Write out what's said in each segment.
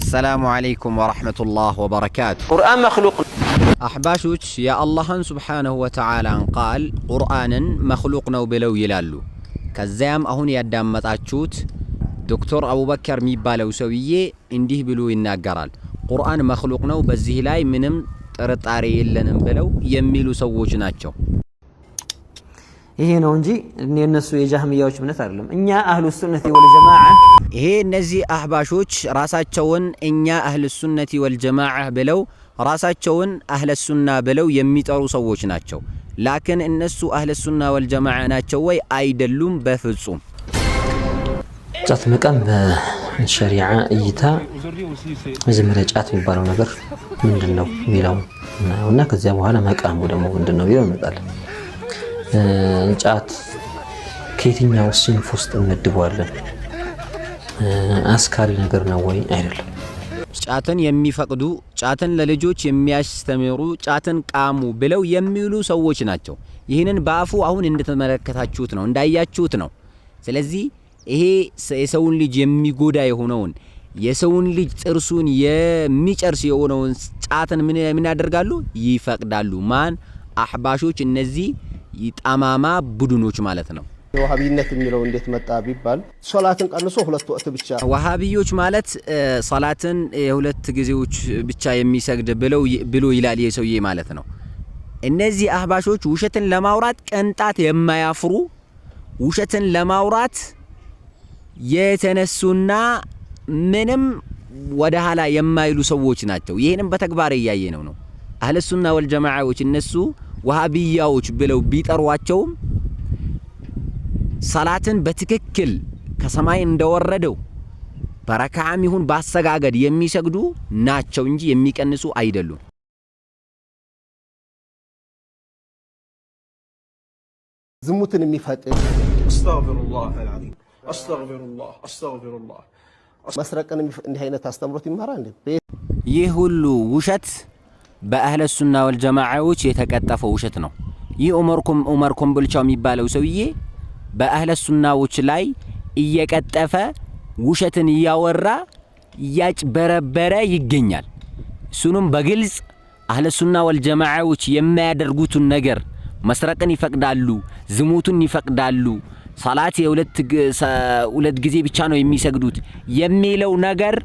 አሰላሙ አለይኩም ወረሕመቱላህ ወበረካቱ። ቁርአን መክሉቅ አሕባሾች የአላህን ሱብሓነሁ ወተዓላን ቃል ቁርአንን መክሉቅ ነው ብለው ይላሉ። ከዚያም አሁን ያዳመጣችሁት ዶክተር አቡበከር የሚባለው ሰውዬ እንዲህ ብሎ ይናገራል። ቁርአን መክሉቅ ነው፣ በዚህ ላይ ምንም ጥርጣሬ የለንም ብለው የሚሉ ሰዎች ናቸው። ይሄ ነው እንጂ የነሱ የጃህሚያዎች እምነት አይደለም። እኛ አህሉ ሱነቲ ወልጀማዓ ይሄ እነዚህ አህባሾች ራሳቸውን እኛ አህል ሱነቲ ወልጀማዓ ብለው ራሳቸውን አህለ ሱና ብለው የሚጠሩ ሰዎች ናቸው። ላክን እነሱ አህለ ሱና ወልጀማዓ ናቸው ወይ? አይደሉም፣ በፍጹም። ጫት መቃም በሸሪዓ እይታ መጀመሪያ ጫት የሚባለው ነገር ምንድን ነው የሚለው እና ከዚያ በኋላ መቃሙ ደግሞ ምንድን ነው የሚለው እንመጣለን። ጫት ከየትኛው ሲንፍ ውስጥ እንመድበዋለን? አስካሪ ነገር ነው ወይ አይደለም? ጫትን የሚፈቅዱ ጫትን ለልጆች የሚያስተምሩ ጫትን ቃሙ ብለው የሚሉ ሰዎች ናቸው። ይህንን በአፉ አሁን እንደተመለከታችሁት ነው እንዳያችሁት ነው። ስለዚህ ይሄ የሰውን ልጅ የሚጎዳ የሆነውን የሰውን ልጅ ጥርሱን የሚጨርስ የሆነውን ጫትን ምን ያደርጋሉ? ይፈቅዳሉ። ማን አሕባሾች? እነዚህ ጠማማ ቡድኖች ማለት ነው። የዋሃቢነት የሚለው እንዴት መጣ ቢባል ሶላትን ቀንሶ ሁለት ወቅት ብቻ ዋሃቢዎች ማለት ሶላትን የሁለት ጊዜዎች ብቻ የሚሰግድ ብሎ ይላል የሰውዬ ማለት ነው። እነዚህ አህባሾች ውሸትን ለማውራት ቅንጣት የማያፍሩ ውሸትን ለማውራት የተነሱና ምንም ወደ ኋላ የማይሉ ሰዎች ናቸው። ይህንም በተግባር እያየ ነው ነው አህለሱና ወልጀማዎች እነሱ ዋሃብያዎች ብለው ቢጠሯቸውም ሰላትን በትክክል ከሰማይ እንደወረደው በረካም ይሁን በአሰጋገድ የሚሰግዱ ናቸው እንጂ የሚቀንሱ አይደሉም። ዝሙትን የሚፈጥር መስረቅን እንዲህ አይነት አስተምሮት ይማራል። ይህ ሁሉ ውሸት በአህለ ሱና ወልጀማዓዎች የተቀጠፈ ውሸት ነው። ይህ ኡመር ኮምቦልቻው የሚባለው ሰውዬ በአህለ ሱናዎች ላይ እየቀጠፈ ውሸትን እያወራ እያጭበረበረ ይገኛል። እሱንም በግልጽ አህለ ሱና ወልጀማዓዎች የማያደርጉትን ነገር መስረቅን ይፈቅዳሉ፣ ዝሙቱን ይፈቅዳሉ፣ ሰላት የሁለት ጊዜ ብቻ ነው የሚሰግዱት የሚለው ነገር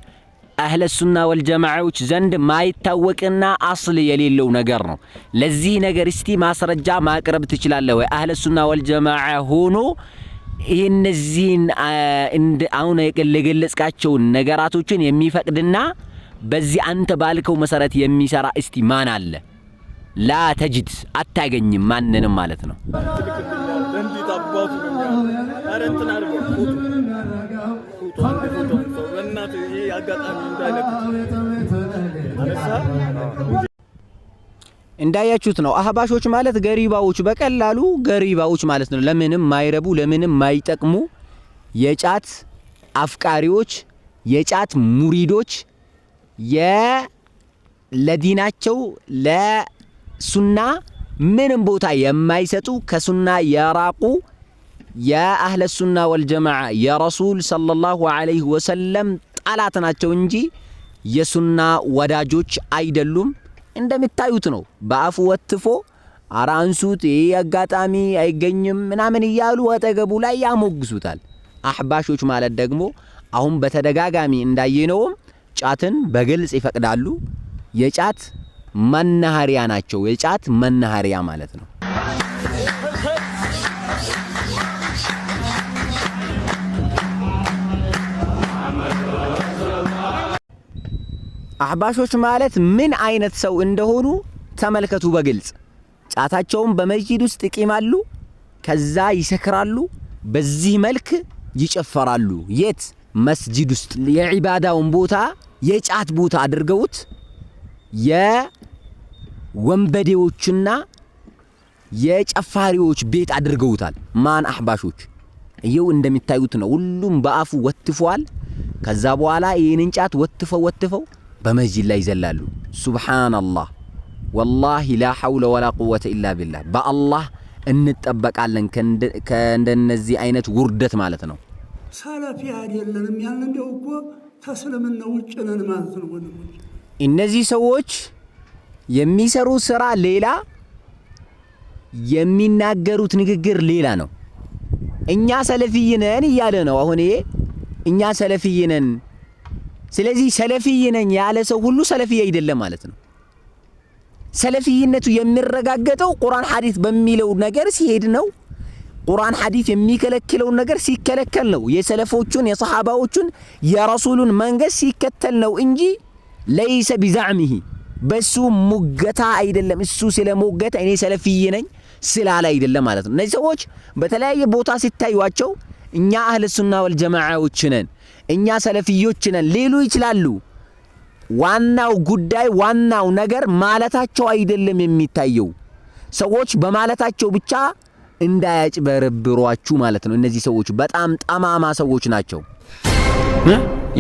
አህለ ሱና ወልጀማዓዎች ዘንድ ማይታወቅና አስል የሌለው ነገር ነው። ለዚህ ነገር እስቲ ማስረጃ ማቅረብ ትችላለህ ወይ? አህለ ሱና ወልጀማዓ ሆኖ እነዚህን አሁን የገለጽካቸውን ነገራቶችን የሚፈቅድና በዚህ አንተ ባልከው መሰረት የሚሰራ እስቲ ማን አለ? ላ ተጅድ አታገኝም፣ ማንንም ማለት ነው። አጋጣሚ እንዳያችሁት ነው። አህባሾች ማለት ገሪባዎች፣ በቀላሉ ገሪባዎች ማለት ነው። ለምንም ማይረቡ ለምንም ማይጠቅሙ የጫት አፍቃሪዎች፣ የጫት ሙሪዶች፣ ለዲናቸው ለሱና ምንም ቦታ የማይሰጡ ከሱና የራቁ የአህለ ሱና ወልጀማዓ የረሱል ሰለላሁ ዐለይሂ ወሰለም ቃላት ናቸው እንጂ የሱና ወዳጆች አይደሉም። እንደምታዩት ነው። በአፉ ወትፎ አራንሱት ይህ አጋጣሚ አይገኝም ምናምን እያሉ አጠገቡ ላይ ያሞግሱታል። አሕባሾች ማለት ደግሞ አሁን በተደጋጋሚ እንዳየነውም ጫትን በግልጽ ይፈቅዳሉ። የጫት መናኸሪያ ናቸው። የጫት መናኸሪያ ማለት ነው። አህባሾች ማለት ምን አይነት ሰው እንደሆኑ ተመልከቱ በግልጽ ጫታቸውን በመስጂድ ውስጥ ይቂማሉ፣ ከዛ ይሰክራሉ፣ በዚህ መልክ ይጨፈራሉ። የት መስጂድ ውስጥ የዒባዳውን ቦታ የጫት ቦታ አድርገውት የወንበዴዎችና የጨፋሪዎች ቤት አድርገውታል። ማን አህባሾች። ይው እንደሚታዩት ነው። ሁሉም በአፉ ወትፈዋል። ከዛ በኋላ ይህንን ጫት ወትፈው ወትፈው በመስጂድ ላይ ይዘላሉ። ሱብሓነላህ ወላሂ ላ ሐውለ ወላ ቁወተ ኢላ ቢላህ። በአላህ እንጠበቃለን ከእንደነዚህ አይነት ውርደት ማለት ነው። ሰለፊ አይደለንም ያልን እንዲያው እኮ ተስልምና ውጭ ነን ማለት ነው። እነዚህ ሰዎች የሚሰሩ ስራ ሌላ፣ የሚናገሩት ንግግር ሌላ ነው። እኛ ሰለፊይነን እያለ ነው አሁን ይሄ እኛ ሰለፊይነን ስለዚህ ሰለፊይ ነኝ ያለ ሰው ሁሉ ሰለፊይ አይደለም ማለት ነው። ሰለፊይነቱ የሚረጋገጠው ቁርአን ሐዲስ በሚለው ነገር ሲሄድ ነው። ቁርአን ሐዲስ የሚከለክለውን ነገር ሲከለከል ነው። የሰለፎቹን የሰሃባዎቹን የረሱሉን መንገድ ሲከተል ነው እንጂ ለይሰ ቢዛዕሚሂ በሱ ሙገታ አይደለም። እሱ ስለ ሙገታ እኔ ሰለፊይ ነኝ ስላለ አይደለም ማለት ነው። እነዚህ ሰዎች በተለያየ ቦታ ሲታዩቸው እኛ አህለ ሱና ወልጀማዓዎች ነን እኛ ሰለፊዮች ነን ሊሉ ይችላሉ። ዋናው ጉዳይ ዋናው ነገር ማለታቸው አይደለም የሚታየው። ሰዎች በማለታቸው ብቻ እንዳያጭበረብሯችሁ ማለት ነው። እነዚህ ሰዎች በጣም ጠማማ ሰዎች ናቸው።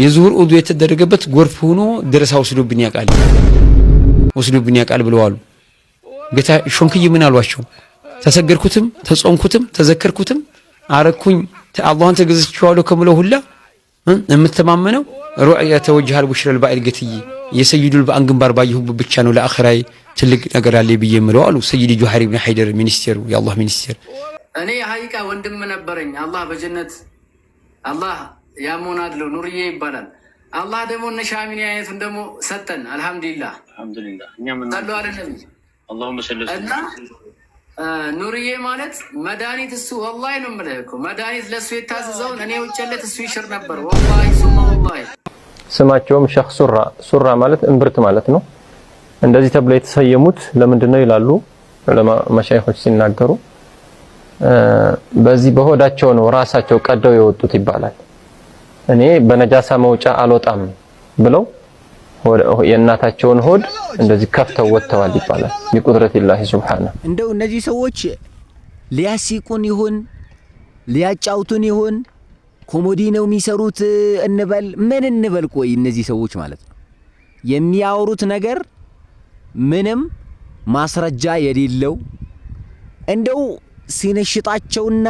የዙሁር ኡዱ የተደረገበት ጎርፍ ሆኖ ደረሳ ወስዶብን ያውቃል ወስዶብን ያውቃል ብለዋሉ። ጌታ ሾንክዬ ምን አሏቸው? ተሰገድኩትም፣ ተጾምኩትም፣ ተዘከርኩትም አረኩኝ አላህን ተገዝቼዋለሁ ከምለው ሁላ የምተማመነው ሩዕያ ተወጅሃል ቡሽረል ባኢል ገትዬ የሰይዱል በአን ግንባር ባየሁ ብቻ ነው ለአኸራይ ትልቅ ነገር አለ ብዬ የምለው አሉ ሰይድ ጆሃር ብን ሐይደር ሚኒስቴሩ፣ የአላህ ሚኒስቴር። እኔ ሀቂቃ ወንድም ነበረኝ። አላህ በጀነት አላህ ያሞናድለው ኑርዬ ይባላል። አላህ ደግሞ እነ ሻሚኒ አይነቱን ደግሞ ሰጠን። አልሐምዱሊላህ ሰሉ አለ እና ኑርዬ ማለት መድኃኒት እሱ ወላሂ ነው የምልህ እኮ መድኃኒት ለእሱ የታዘዘውን እኔ ውጭለት እሱ ይሽር ነበር። ወላሂ ሱማ ወላሂ። ስማቸውም ሸህ ሱራ ሱራ ማለት እምብርት ማለት ነው። እንደዚህ ተብለው የተሰየሙት ለምንድን ነው ይላሉ ዑለማ መሻይኾች ሲናገሩ፣ በዚህ በሆዳቸው ነው ራሳቸው ቀደው የወጡት ይባላል። እኔ በነጃሳ መውጫ አልወጣም ብለው የእናታቸውን ሆድ እንደዚህ ከፍተው ወጥተዋል ይባላል። ቢቁድረቲላሂ ሱብሓነ እንደው እነዚህ ሰዎች ሊያሲቁን ይሁን ሊያጫውቱን ይሁን ኮሞዲ ነው የሚሰሩት እንበል ምን እንበል፣ ቆይ እነዚህ ሰዎች ማለት ነው የሚያወሩት ነገር ምንም ማስረጃ የሌለው እንደው ሲነሽጣቸውና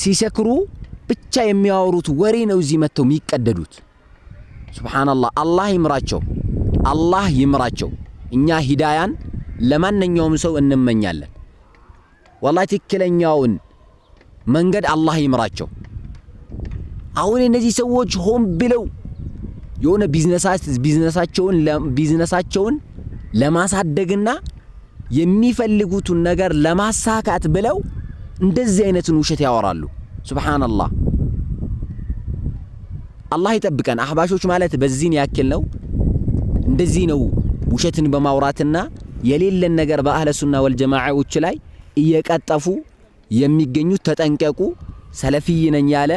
ሲሰክሩ ብቻ የሚያወሩት ወሬ ነው እዚህ መጥተው የሚቀደዱት። ሱብሓነላህ። አላህ ይምራቸው፣ አላህ ይምራቸው። እኛ ሂዳያን ለማንኛውም ሰው እንመኛለን። ወላሂ ትክክለኛውን መንገድ አላህ ይምራቸው። አሁን እነዚህ ሰዎች ሆን ብለው የሆነ ቢዝነሳቸውን ለማሳደግና የሚፈልጉትን ነገር ለማሳካት ብለው እንደዚህ አይነትን ውሸት ያወራሉ። ሱብሓነላህ አላህ ይጠብቀን። አህባሾች ማለት በዚህን ያክል ነው። እንደዚህ ነው ውሸትን በማውራትና የሌለን ነገር በአህለ ሱና ወልጀማዓዎች ላይ እየቀጠፉ የሚገኙት ተጠንቀቁ። ሰለፊይ ነኝ ያለ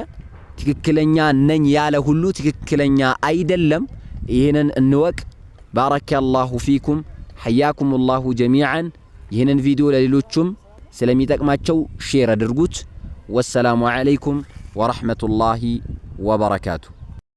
ትክክለኛ ነኝ ያለ ሁሉ ትክክለኛ አይደለም። ይህንን እንወቅ። ባረከላሁ ፊኩም ሐያኩም ላሁ ጀሚዓን። ይህንን ቪዲዮ ለሌሎቹም ስለሚጠቅማቸው ሼር አድርጉት። ወሰላሙ ዓለይኩም ወረሕመቱላሂ ወበረካቱ